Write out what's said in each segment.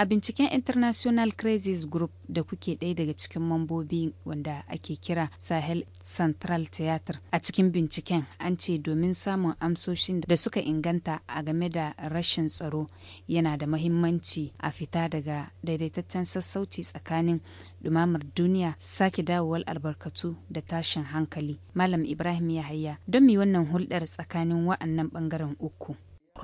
A binciken International Crisis Group da kuke ɗaya daga cikin mambobi wanda ake kira Sahel Central Theater. A cikin binciken an ce domin samun amsoshin da suka inganta a game da rashin tsaro yana da mahimmanci a fita daga daidaitaccen sassauci tsakanin dumamar duniya sake dawowar albarkatu da tashin hankali. Malam Ibrahim Yahaya don mi wannan hulɗar tsakanin wa'annan ɓangaren uku.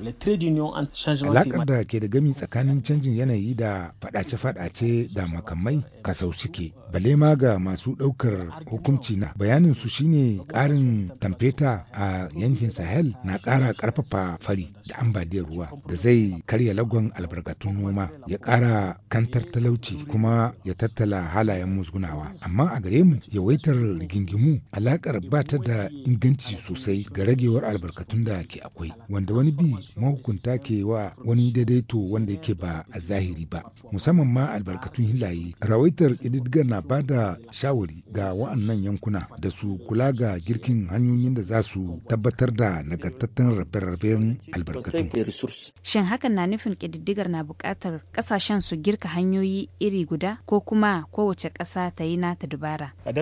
Alaƙar da ke da gami tsakanin canjin yanayi da faɗace-faɗace da makamai kasau suke, bale ma ga masu ɗaukar hukunci na bayanin su shine ƙarin tamfeta a yankin Sahel na ƙara ƙarfafa fari da ambaliyar ruwa da zai karya lagon albarkatun noma ya ƙara kantar talauci kuma ya tattala halayen musgunawa. Amma a gare mu yawaitar rigingimu alaƙar ba ta da inganci sosai ga ragewar albarkatun da ke akwai wanda wani bi mahukunta ke wa wani daidaito wanda yake ba a zahiri ba musamman ma albarkatun hilaye rawaitar ƙididdigar na ba da shawari ga wa'annan yankuna da su kula ga girkin hanyoyin da za su tabbatar da nagartattun rabe-raben albarkatun shin hakan na nufin ƙididdigar na bukatar ƙasashen su girka hanyoyi iri guda ko kuma kowace kasa ta yi nata dubara a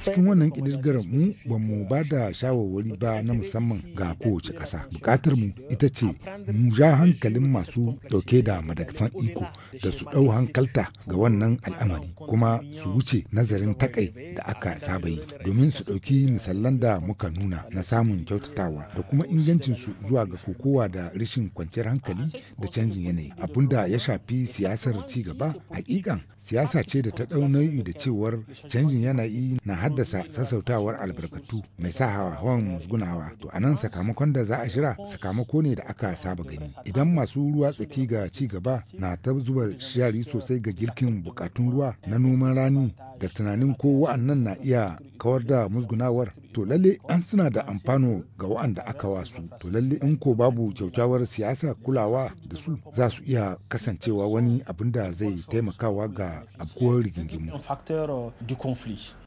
cikin wannan ƙididdigar mu ba mu ba da shawarwari ba na musamman ga kowace ƙasa buƙatar ita ce mu ja hankalin masu ɗauke da madafan iko da su ɗau hankalta ga wannan al'amari kuma su wuce nazarin takai da aka saba yi domin su ɗauki misalan da muka nuna na samun kyautatawa da kuma ingancinsu zuwa ga kokowa da rashin kwanciyar hankali da canjin yanayi abun da ya shafi siyasar ci gaba hakikan siyasa ce da ta ɗau nau'i da cewar canjin yanayi na haddasa sassautawar albarkatu mai sa hawa-hawan musgunawa to a nan sakamakon da za a shira sakamako ne da aka saba gani idan masu ruwa tsaki ga ci gaba na ta zuba shari sosai ga girkin bukatun ruwa na noman rani da tunanin ko wa'annan na iya kawar da musgunawar to lalle an suna da amfano ga wa'anda aka wasu to lalle in ko babu kyautawar siyasa kulawa da su za su iya kasancewa wani abin da zai taimakawa ga abuwar rigingimu